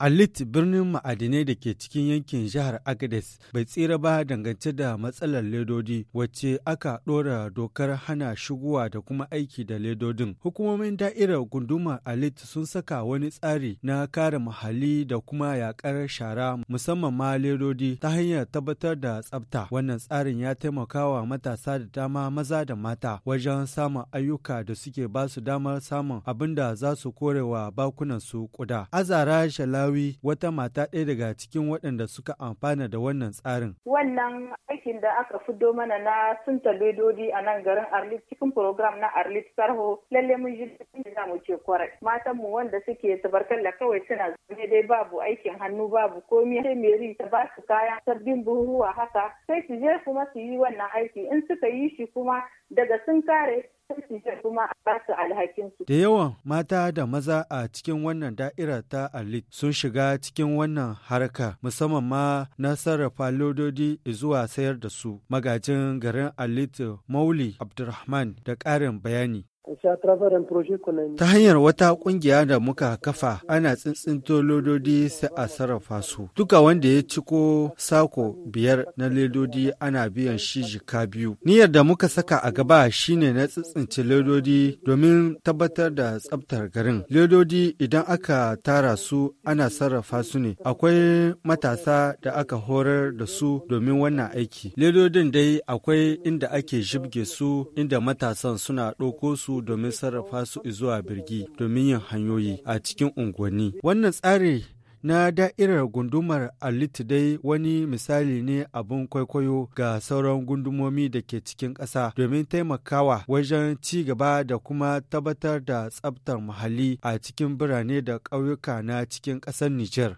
Alit birnin ma'adinai da ke cikin yankin jihar Agades bai tsira ba dangance da matsalar ledodi wacce aka ɗora dokar hana shigowa da kuma aiki da ledodin. Hukumomin da'irar gunduma Alit sun saka wani tsari na kare muhalli da kuma yaƙar shara musamman ma ledodi ta hanyar tabbatar da tsabta Wannan tsarin ya taimaka wa matasa da dama maza da mata wajen samun ayyuka da suke basu damar samun abin da za su korewa bakunan su kuda. Azara Malawi wata mata ɗaya daga cikin waɗanda suka amfana da wannan tsarin. Wannan aikin da aka fido mana na sun talododi a nan garin Arlit cikin program na Arlit Sarho lalle mun ji da za mu ce kwarai. Matan mu wanda suke tabarkalla kawai suna zaune dai babu aikin hannu babu komai sai meri ta ba su kaya sabbin buhuwa haka sai su je kuma su yi wannan aiki in suka yi shi kuma daga sun kare Da yawan mata da maza a cikin wannan da'ira ta Alit sun shiga cikin wannan harka musamman ma na sarrafa lododi zuwa sayar da su. Magajin garin Alit Mauli Abdulrahman da ƙarin bayani. Ta hanyar wata kungiya da muka kafa ana tsintsinto lododi sai a sarrafa su. Duka wanda ya ciko sako biyar na ledodi ana biyan shi jika biyu. Niyar da muka saka a gaba shine na tsintsince lododi domin tabbatar da tsabtar garin. Ledodi idan aka tara su ana sarrafa su ne. Akwai matasa da aka horar da su domin wannan aiki. Ledodin dai akwai inda ake su inda matasan suna ɗauko su domin sarrafa su zuwa birgi domin yin hanyoyi a cikin unguwanni. Wannan tsari na da'irar gundumar aliti dai wani misali ne abin kwaikwayo ga sauran gundumomi da ke cikin ƙasa domin taimakawa wajen ci gaba da kuma tabbatar da tsabtar muhalli a cikin birane da ƙauyuka na cikin ƙasar Nijar.